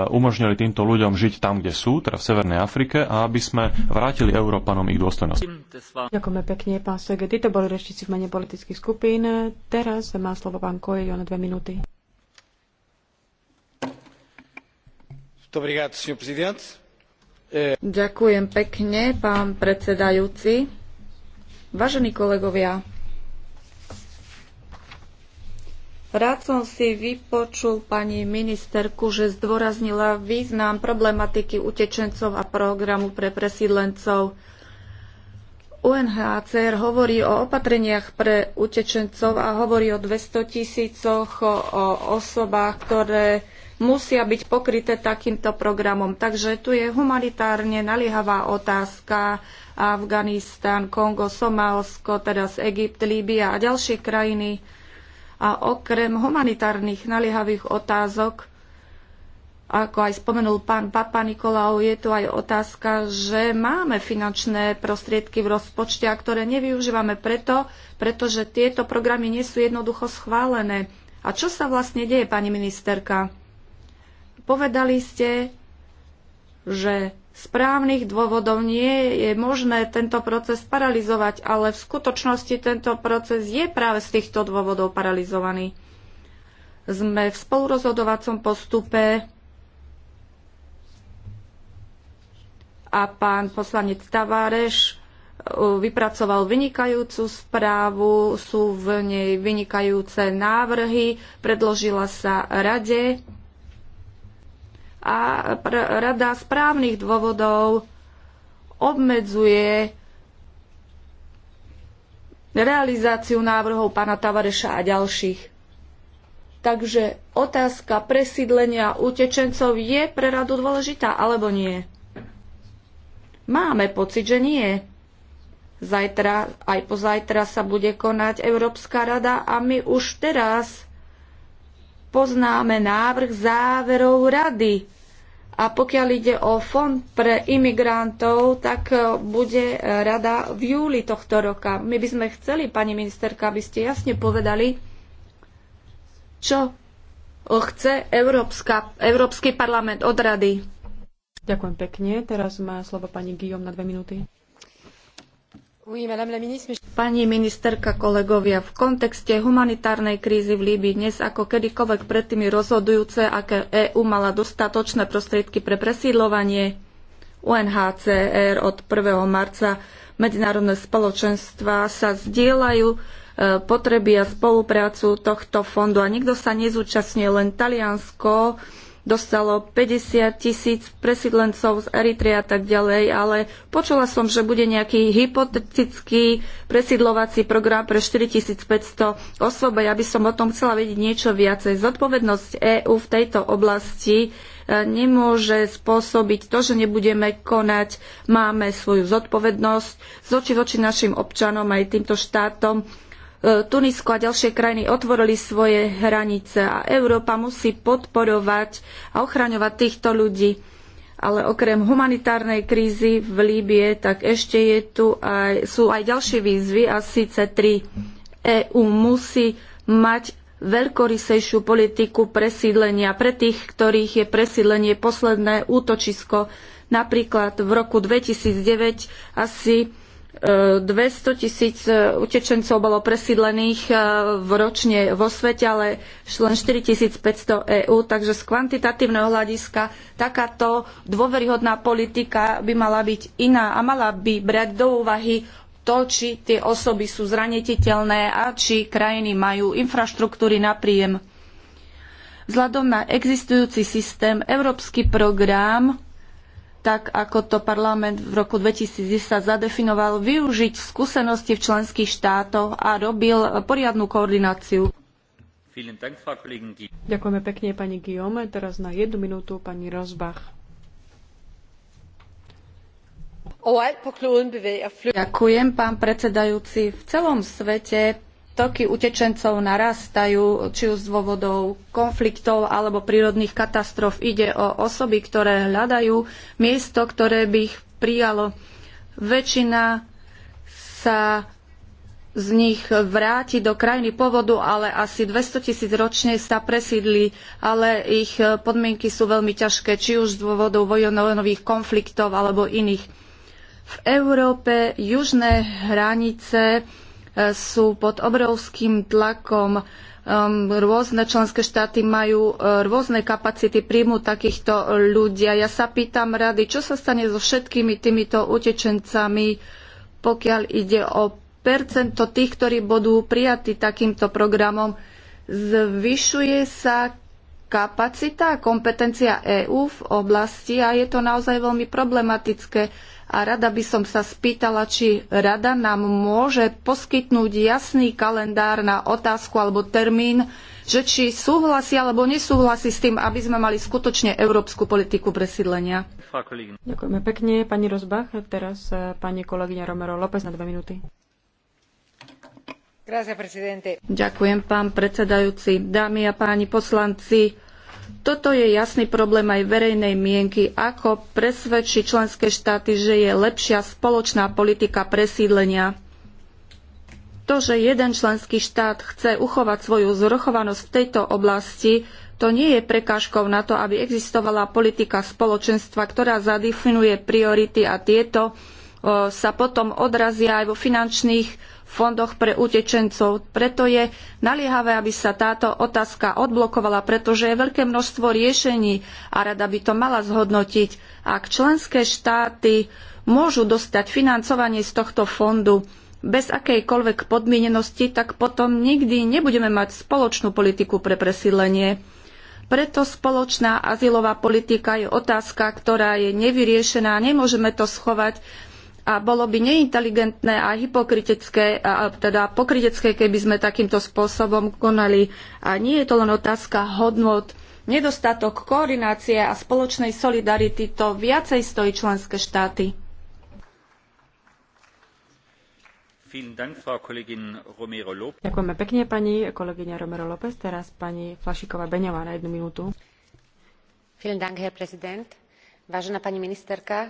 umožnili týmto ľuďom žiť tam, kde sú, teda v Severnej Afrike, a aby sme vrátili Európanom ich dôstojnosť. Ďakujeme pekne, pán Sege. Títo boli rečníci v mene politických skupín. Teraz má slovo pán Koje na dve minúty. Ďakujem pekne, pán predsedajúci. Vážení kolegovia, rád som si vypočul pani ministerku, že zdôraznila význam problematiky utečencov a programu pre presídlencov. UNHCR hovorí o opatreniach pre utečencov a hovorí o 200 tisícoch o osobách, ktoré musia byť pokryté takýmto programom. Takže tu je humanitárne naliehavá otázka Afganistan, Kongo, Somálsko, teda z Egypt, Líbia a ďalšie krajiny. A okrem humanitárnych naliehavých otázok, ako aj spomenul pán Papa Nikolau, je tu aj otázka, že máme finančné prostriedky v rozpočte, a ktoré nevyužívame preto, pretože tieto programy nie sú jednoducho schválené. A čo sa vlastne deje, pani ministerka? Povedali ste, že správnych dôvodov nie je možné tento proces paralizovať, ale v skutočnosti tento proces je práve z týchto dôvodov paralizovaný. Sme v spolurozhodovacom postupe a pán poslanec Tavareš uh, vypracoval vynikajúcu správu, sú v nej vynikajúce návrhy, predložila sa rade a rada správnych dôvodov obmedzuje realizáciu návrhov pána Tavareša a ďalších. Takže otázka presídlenia utečencov je pre radu dôležitá alebo nie? Máme pocit, že nie. Zajtra, aj pozajtra sa bude konať Európska rada a my už teraz poznáme návrh záverov rady a pokiaľ ide o fond pre imigrantov, tak e, bude e, rada v júli tohto roka. My by sme chceli, pani ministerka, aby ste jasne povedali, čo chce Európska, Európsky parlament od rady. Ďakujem pekne. Teraz má slovo pani Guillaume na dve minúty. Pani ministerka, kolegovia, v kontexte humanitárnej krízy v Líbii dnes ako kedykoľvek predtým je rozhodujúce, aké EÚ mala dostatočné prostriedky pre presídľovanie UNHCR od 1. marca. Medzinárodné spoločenstva sa zdieľajú e, potreby a spoluprácu tohto fondu a nikto sa nezúčastňuje, len Taliansko dostalo 50 tisíc presídlencov z Eritrea a tak ďalej, ale počula som, že bude nejaký hypotetický presídlovací program pre 4500 osôb ja by som o tom chcela vedieť niečo viacej. Zodpovednosť EÚ v tejto oblasti e, nemôže spôsobiť to, že nebudeme konať. Máme svoju zodpovednosť z oči voči našim občanom aj týmto štátom Tunisko a ďalšie krajiny otvorili svoje hranice a Európa musí podporovať a ochraňovať týchto ľudí. Ale okrem humanitárnej krízy v Líbie, tak ešte je tu aj, sú aj ďalšie výzvy a síce tri. EÚ musí mať veľkorysejšiu politiku presídlenia pre tých, ktorých je presídlenie posledné útočisko. Napríklad v roku 2009 asi 200 tisíc e, utečencov bolo presídlených e, ročne vo svete, ale len 4500 EÚ, takže z kvantitatívneho hľadiska takáto dôveryhodná politika by mala byť iná a mala by brať do úvahy to, či tie osoby sú zraniteľné a či krajiny majú infraštruktúry na príjem. Vzhľadom na existujúci systém, európsky program tak ako to parlament v roku 2010 zadefinoval, využiť skúsenosti v členských štátoch a robil poriadnu koordináciu. Ďakujeme pekne pani Guillaume. Teraz na jednu minútu pani Rozbach. Ďakujem, pán predsedajúci. V celom svete toky utečencov narastajú, či už z dôvodov konfliktov alebo prírodných katastrof. Ide o osoby, ktoré hľadajú miesto, ktoré by ich prijalo. Väčšina sa z nich vráti do krajiny povodu, ale asi 200 tisíc ročne sa presídli, ale ich podmienky sú veľmi ťažké, či už z dôvodov vojnových konfliktov alebo iných. V Európe južné hranice sú pod obrovským tlakom. Um, rôzne členské štáty majú uh, rôzne kapacity príjmu takýchto ľudí. A ja sa pýtam rady, čo sa stane so všetkými týmito utečencami, pokiaľ ide o percento tých, ktorí budú prijatí takýmto programom. Zvyšuje sa kapacita a kompetencia EÚ v oblasti a je to naozaj veľmi problematické a rada by som sa spýtala, či rada nám môže poskytnúť jasný kalendár na otázku alebo termín, že či súhlasí alebo nesúhlasí s tým, aby sme mali skutočne európsku politiku presídlenia. Ďakujeme pekne, pani Rozbach. Teraz eh, pani kolegyňa Romero López na dve minúty. Ďakujem, pán predsedajúci. Dámy a páni poslanci, toto je jasný problém aj verejnej mienky, ako presvedčiť členské štáty, že je lepšia spoločná politika presídlenia. To, že jeden členský štát chce uchovať svoju zrochovanosť v tejto oblasti, to nie je prekážkou na to, aby existovala politika spoločenstva, ktorá zadefinuje priority a tieto sa potom odrazia aj vo finančných fondoch pre utečencov. Preto je naliehavé, aby sa táto otázka odblokovala, pretože je veľké množstvo riešení a rada by to mala zhodnotiť. Ak členské štáty môžu dostať financovanie z tohto fondu bez akejkoľvek podmienenosti, tak potom nikdy nebudeme mať spoločnú politiku pre presídlenie. Preto spoločná azylová politika je otázka, ktorá je nevyriešená. Nemôžeme to schovať a bolo by neinteligentné a hypokritecké, a teda pokritecké, keby sme takýmto spôsobom konali. A nie je to len otázka hodnot, nedostatok koordinácie a spoločnej solidarity to viacej stojí členské štáty. Ďakujeme pekne, pani kolegyňa Romero López. Teraz pani Flašiková Beňová na jednu minútu. Vážená pani ministerka,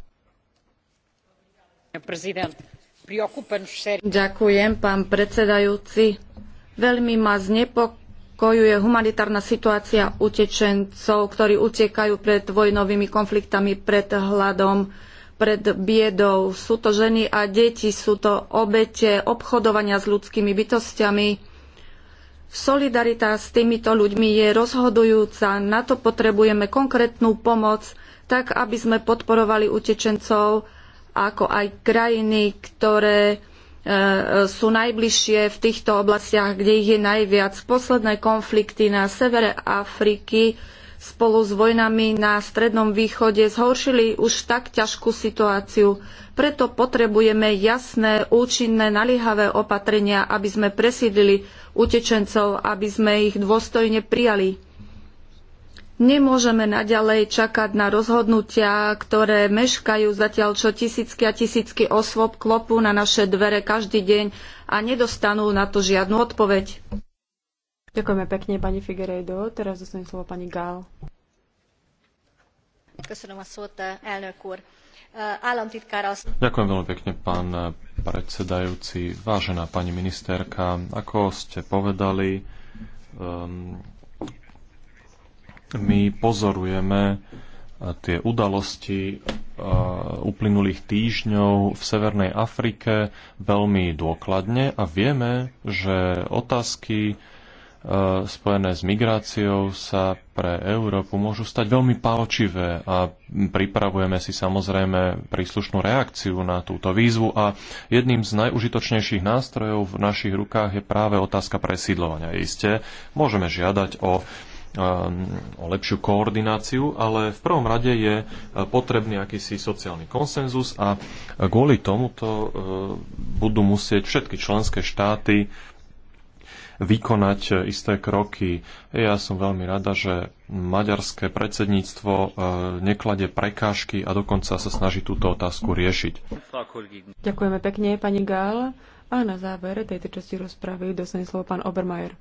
Ďakujem, pán predsedajúci. Veľmi ma znepokojuje humanitárna situácia utečencov, ktorí utekajú pred vojnovými konfliktami, pred hladom, pred biedou. Sú to ženy a deti, sú to obete obchodovania s ľudskými bytostiami. Solidarita s týmito ľuďmi je rozhodujúca. Na to potrebujeme konkrétnu pomoc, tak aby sme podporovali utečencov ako aj krajiny, ktoré e, sú najbližšie v týchto oblastiach, kde ich je najviac. Posledné konflikty na severe Afriky spolu s vojnami na Strednom východe zhoršili už tak ťažkú situáciu. Preto potrebujeme jasné, účinné, naliehavé opatrenia, aby sme presídlili utečencov, aby sme ich dôstojne prijali. Nemôžeme naďalej čakať na rozhodnutia, ktoré meškajú zatiaľ, čo tisícky a tisícky osôb klopú na naše dvere každý deň a nedostanú na to žiadnu odpoveď. Ďakujeme pekne, pani Figueiredo. Teraz dostanem slovo pani Gál. Ďakujem veľmi pekne, pán predsedajúci. Vážená pani ministerka, ako ste povedali, um, my pozorujeme e, tie udalosti e, uplynulých týždňov v Severnej Afrike veľmi dôkladne a vieme, že otázky e, spojené s migráciou sa pre Európu môžu stať veľmi pálčivé a pripravujeme si samozrejme príslušnú reakciu na túto výzvu a jedným z najužitočnejších nástrojov v našich rukách je práve otázka presídlovania. Isté, môžeme žiadať o Ehm, o lepšiu koordináciu, ale v prvom rade je eh, potrebný akýsi sociálny konsenzus a kvôli tomuto eh, budú musieť všetky členské štáty vykonať eh, isté kroky. Ja som veľmi rada, že maďarské predsedníctvo nekladie prekážky a dokonca sa snaží túto otázku riešiť. Ďakujeme pekne, pani Gál. A na záver tejto časti rozpravy dostane slovo pán Obermajer.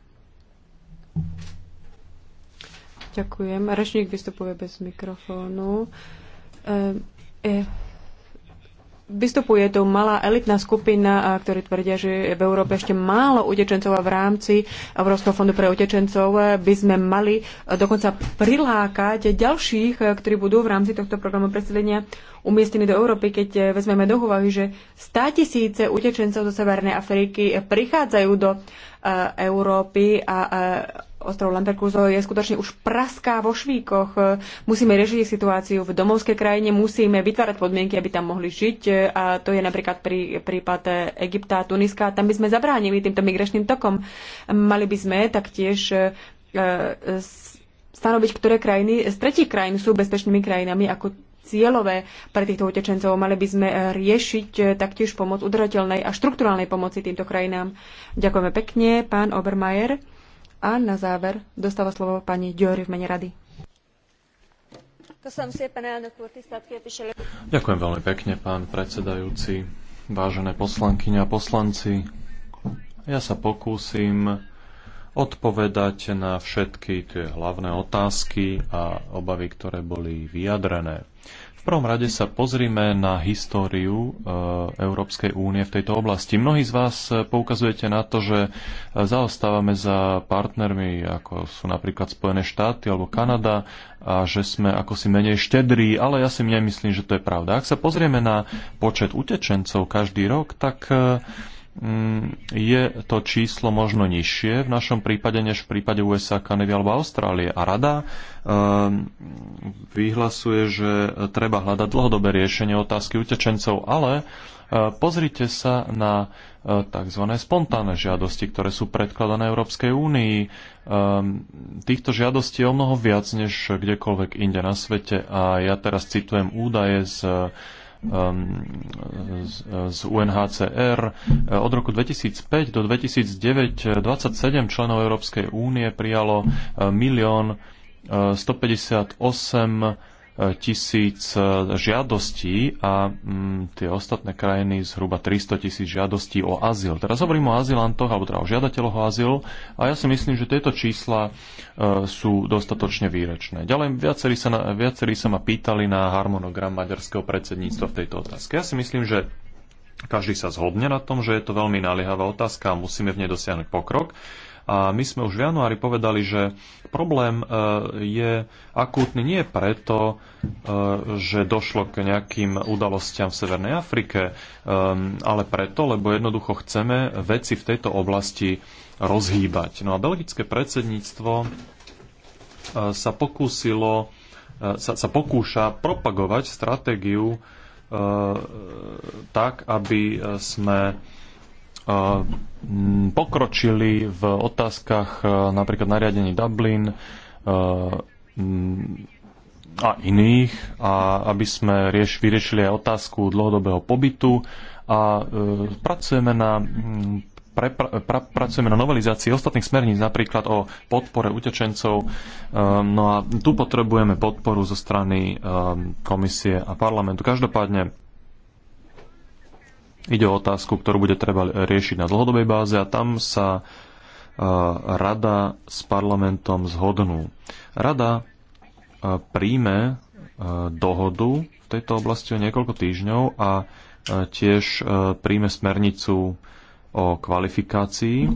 Ďakujem. Rečník vystupuje bez mikrofónu. E, e vystupuje tu malá elitná skupina, ktorí tvrdia, že je v Európe ešte málo utečencov a v rámci Európskeho fondu pre utečencov by sme mali dokonca prilákať ďalších, ktorí budú v rámci tohto programu presedenia umiestnení do Európy, keď vezmeme do úvahy, že 100 tisíce utečencov zo Severnej Afriky prichádzajú do e, Európy a ostrov Lamperkuzo je skutočne už praská vo švíkoch. Musíme riešiť situáciu v domovskej krajine, musíme vytvárať podmienky, aby tam mohli žiť. A to je napríklad prí, prípad Egypta a Tuniska. Tam by sme zabránili týmto migračným tokom. Mali by sme taktiež e, stanoviť, ktoré krajiny z tretích krajín sú bezpečnými krajinami ako cieľové pre týchto utečencov. Mali by sme e, riešiť e, taktiež pomoc udržateľnej a štruktúralnej pomoci týmto krajinám. Ďakujeme pekne, pán Obermajer. A na záver dostáva slovo pani Diori v mene rady. Ďakujem veľmi pekne, pán predsedajúci, vážené poslankyne a poslanci. Ja sa pokúsim odpovedať na všetky tie hlavné otázky a obavy, ktoré boli vyjadrené. V prvom rade sa pozrime na históriu e, Európskej únie v tejto oblasti. Mnohí z vás e, poukazujete na to, že e, zaostávame za partnermi, ako sú napríklad Spojené štáty alebo Kanada, a že sme ako si menej štedrí, ale ja si nemyslím, že to je pravda. Ak sa pozrieme na počet utečencov každý rok, tak Mm, je to číslo možno nižšie v našom prípade než v prípade USA, Kanady alebo Austrálie. A rada ehm, vyhlasuje, že treba hľadať dlhodobé riešenie otázky utečencov, ale e, pozrite sa na e, tzv. spontánne žiadosti, ktoré sú predkladané Európskej únii. Ehm, týchto žiadostí je o mnoho viac než kdekoľvek inde na svete a ja teraz citujem údaje z Um, z UNHCR. Od roku 2005 do 2009 27 členov Európskej únie prijalo uh, milión 158 uh, tisíc e, žiadostí a mm, tie ostatné krajiny zhruba 300 tisíc žiadostí o azyl. Teraz hovorím o azylantoch, alebo teda o žiadateľoch o azyl a ja si myslím, že tieto čísla e, sú dostatočne výrečné. Ďalej viacerí sa, na, viacerí sa ma pýtali na harmonogram maďarského predsedníctva v tejto otázke. Ja si myslím, že každý sa zhodne na tom, že je to veľmi naliehavá otázka a musíme v nej dosiahnuť pokrok. A my sme už v januári povedali, že problém e, je akútny nie preto, e, že došlo k nejakým udalostiam v Severnej Afrike, e, ale preto, lebo jednoducho chceme veci v tejto oblasti rozhýbať. No a belgické predsedníctvo sa pokúsilo, sa, sa pokúša propagovať stratégiu tak, aby sme pokročili v otázkach napríklad nariadení Dublin a iných, a aby sme rieš, vyriešili aj otázku dlhodobého pobytu a e, pracujeme na pre, pra, pracujeme na novelizácii ostatných smerníc, napríklad o podpore utečencov. E, no a tu potrebujeme podporu zo strany e, komisie a parlamentu. Každopádne Ide o otázku, ktorú bude treba riešiť na dlhodobej báze a tam sa e, rada s parlamentom zhodnú. Rada e, príjme e, dohodu v tejto oblasti o niekoľko týždňov a tiež príjme smernicu o kvalifikácii.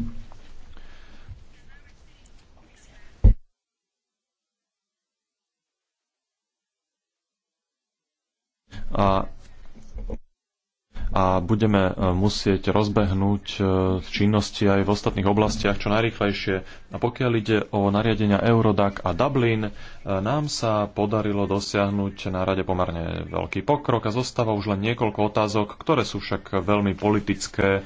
A a budeme e, musieť rozbehnúť e, činnosti aj v ostatných oblastiach čo najrychlejšie. A pokiaľ ide o nariadenia Eurodac a Dublin, e, nám sa podarilo dosiahnuť na rade pomerne veľký pokrok a zostáva už len niekoľko otázok, ktoré sú však veľmi politické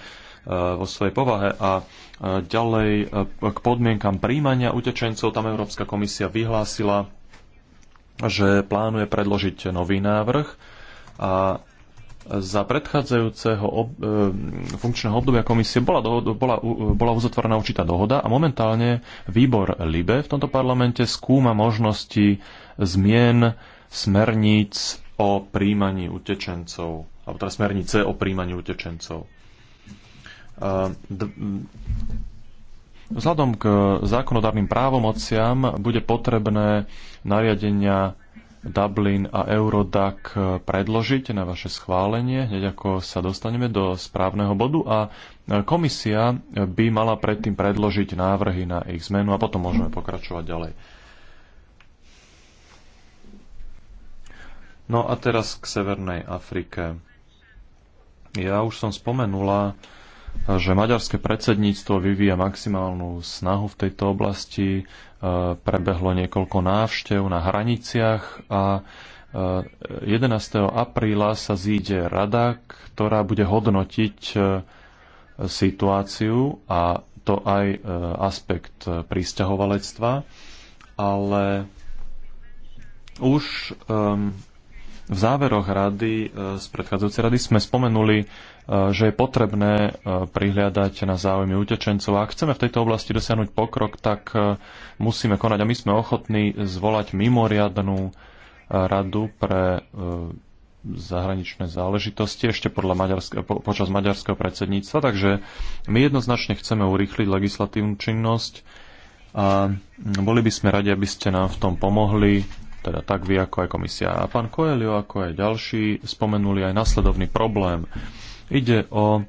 vo svojej povahe a ďalej k podmienkam príjmania utečencov. Tam Európska komisia vyhlásila, že plánuje predložiť nový návrh a za predchádzajúceho ob, e, funkčného obdobia komisie bola, do, bola, bola uzatvorená určitá dohoda a momentálne výbor LIBE v tomto parlamente skúma možnosti zmien smerníc o príjmaní utečencov, alebo teda smernice o príjmaní utečencov. Vzhľadom k zákonodárnym právomociam bude potrebné nariadenia Dublin a Eurodac eh, predložiť na vaše schválenie, hneď ako sa dostaneme do správneho bodu a eh, komisia by mala predtým predložiť návrhy na ich zmenu a potom môžeme pokračovať ďalej. No a teraz k Severnej Afrike. Ja už som spomenula, eh, že maďarské predsedníctvo vyvíja maximálnu snahu v tejto oblasti. Eh, prebehlo niekoľko návštev na hraniciach a 11. Eh, apríla sa zíde rada, ktorá bude hodnotiť eh, situáciu a to aj aspekt prísťahovalectva. ale už ehm, v záveroch rady z predchádzajúcej rady sme spomenuli Eh, že je potrebné eh, prihliadať na záujmy utečencov. A ak chceme v tejto oblasti dosiahnuť pokrok, tak eh, musíme konať. A my sme ochotní zvolať mimoriadnú radu pre zahraničné záležitosti ešte podľa maďarské, po, počas maďarského predsedníctva. Takže my jednoznačne chceme urýchliť legislatívnu činnosť a mm, boli by sme radi, aby ste nám v tom pomohli teda tak vy ako aj komisia. A pán Koelio ako aj ďalší spomenuli aj nasledovný problém. Ide o e,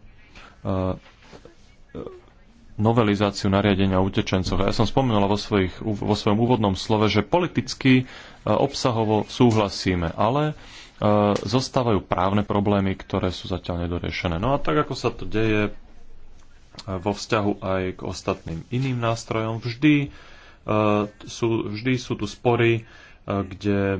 novelizáciu nariadenia utečencov. Ja som spomenula vo, svojich, vo svojom úvodnom slove, že politicky e, obsahovo súhlasíme, ale e, zostávajú právne problémy, ktoré sú zatiaľ nedoriešené. No a tak, ako sa to deje vo vzťahu aj k ostatným iným nástrojom, vždy, sú, vždy sú tu spory kde e,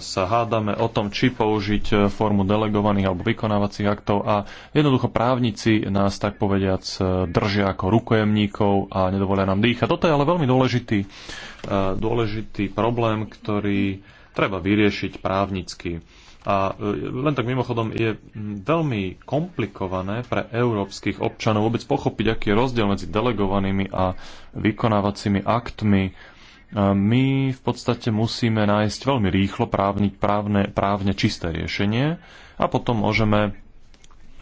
sa hádame o tom, či použiť e, formu delegovaných alebo vykonávacích aktov a jednoducho právnici nás tak povediac e, držia ako rukojemníkov a nedovolia nám dýchať. Toto je ale veľmi dôležitý, dôležitý problém, ktorý treba vyriešiť právnicky. A len tak mimochodom je veľmi komplikované pre európskych občanov vôbec pochopiť, aký je rozdiel medzi delegovanými a vykonávacími aktmi my v podstate musíme nájsť veľmi rýchlo právne, právne, právne čisté riešenie a potom môžeme,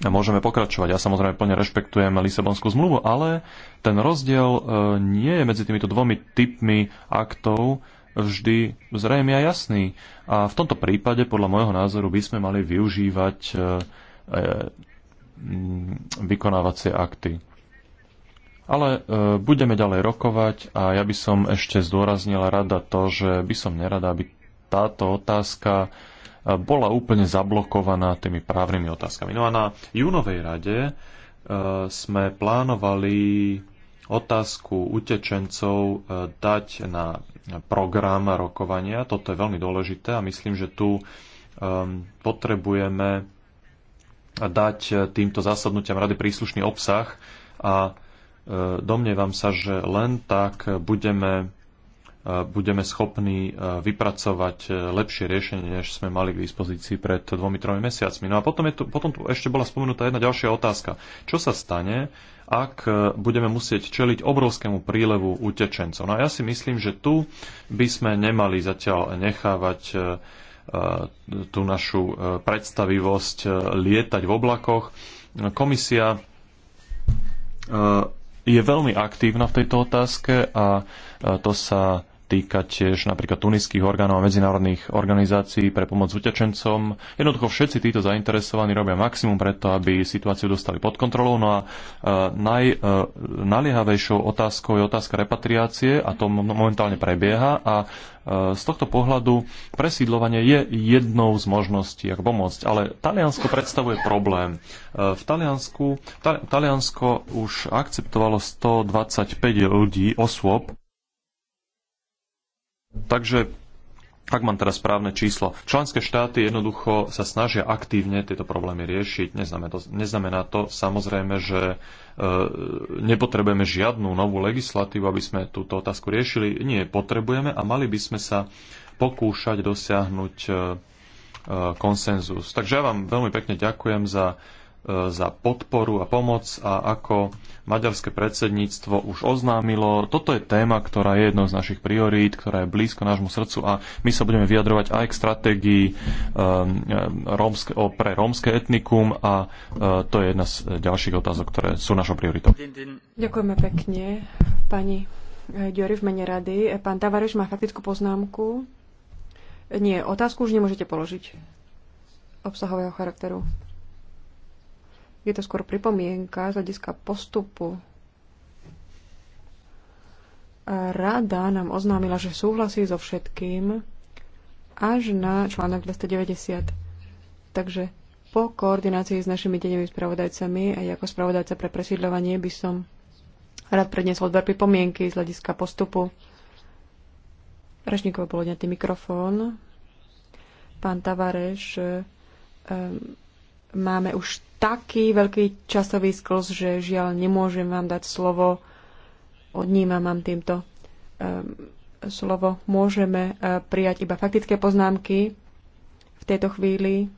môžeme pokračovať. Ja samozrejme plne rešpektujem Lisabonskú zmluvu, ale ten rozdiel e, nie je medzi týmito dvomi typmi aktov vždy zrejme a jasný. A v tomto prípade, podľa môjho názoru, by sme mali využívať e, e, vykonávacie akty. Ale e, budeme ďalej rokovať a ja by som ešte zdôraznila rada to, že by som nerada, aby táto otázka e, bola úplne zablokovaná tými právnymi otázkami. No a na júnovej rade e, sme plánovali otázku utečencov dať na program rokovania. Toto je veľmi dôležité a myslím, že tu potrebujeme dať týmto zásadnutiam rady príslušný obsah a domnievam sa, že len tak budeme, e, budeme schopní e, vypracovať e, lepšie riešenie, než sme mali k dispozícii pred dvomi, tromi mesiacmi. No a potom, je tu, potom tu ešte bola spomenutá jedna ďalšia otázka. Čo sa stane, ak budeme musieť čeliť obrovskému prílevu utečencov. No a ja si myslím, že tu by sme nemali zatiaľ nechávať tú našu predstavivosť lietať v oblakoch. Komisia je veľmi aktívna v tejto otázke a to sa týka tiež napríklad tuniských orgánov a medzinárodných organizácií pre pomoc utečencom. Jednoducho všetci títo zainteresovaní robia maximum preto, aby situáciu dostali pod kontrolou. No a e, najnaliehavejšou e, otázkou je otázka repatriácie a to momentálne prebieha a e, z tohto pohľadu presídlovanie je jednou z možností, ako pomôcť. Ale Taliansko predstavuje problém. V Taliansku, Taliansko už akceptovalo 125 ľudí, osôb, takže ak mám teraz správne číslo, členské štáty jednoducho sa snažia aktívne tieto problémy riešiť. Neznamená to, neznamená to samozrejme, že e, nepotrebujeme žiadnu novú legislatívu, aby sme túto otázku riešili. Nie, potrebujeme a mali by sme sa pokúšať dosiahnuť e, e konsenzus. Takže ja vám veľmi pekne ďakujem za E, za podporu a pomoc a ako maďarské predsedníctvo už oznámilo. Toto je téma, ktorá je jednou z našich priorít, ktorá je blízko nášmu srdcu a my sa budeme vyjadrovať aj k stratégii e, e, rómske, pre rómske etnikum a to je jedna z ďalších otázok, ktoré sú našou prioritou. Ďakujeme pekne, pani Ďori v mene rady. Pán Tavareš má faktickú poznámku. Nie, otázku už nemôžete položiť obsahového charakteru. Je to skôr pripomienka z hľadiska postupu. Rada nám oznámila, že súhlasí so všetkým až na článok 290. Takže po koordinácii s našimi denými spravodajcami a ako spravodajca pre presídľovanie by som rád predniesol dve pripomienky z hľadiska postupu. Rešníkovo bolo odňatý mikrofón. Pán Tavareš um, máme už taký veľký časový sklz, že žiaľ nemôžem vám dať slovo. Odnímam vám týmto um, slovo. Môžeme uh, prijať iba faktické poznámky v tejto chvíli.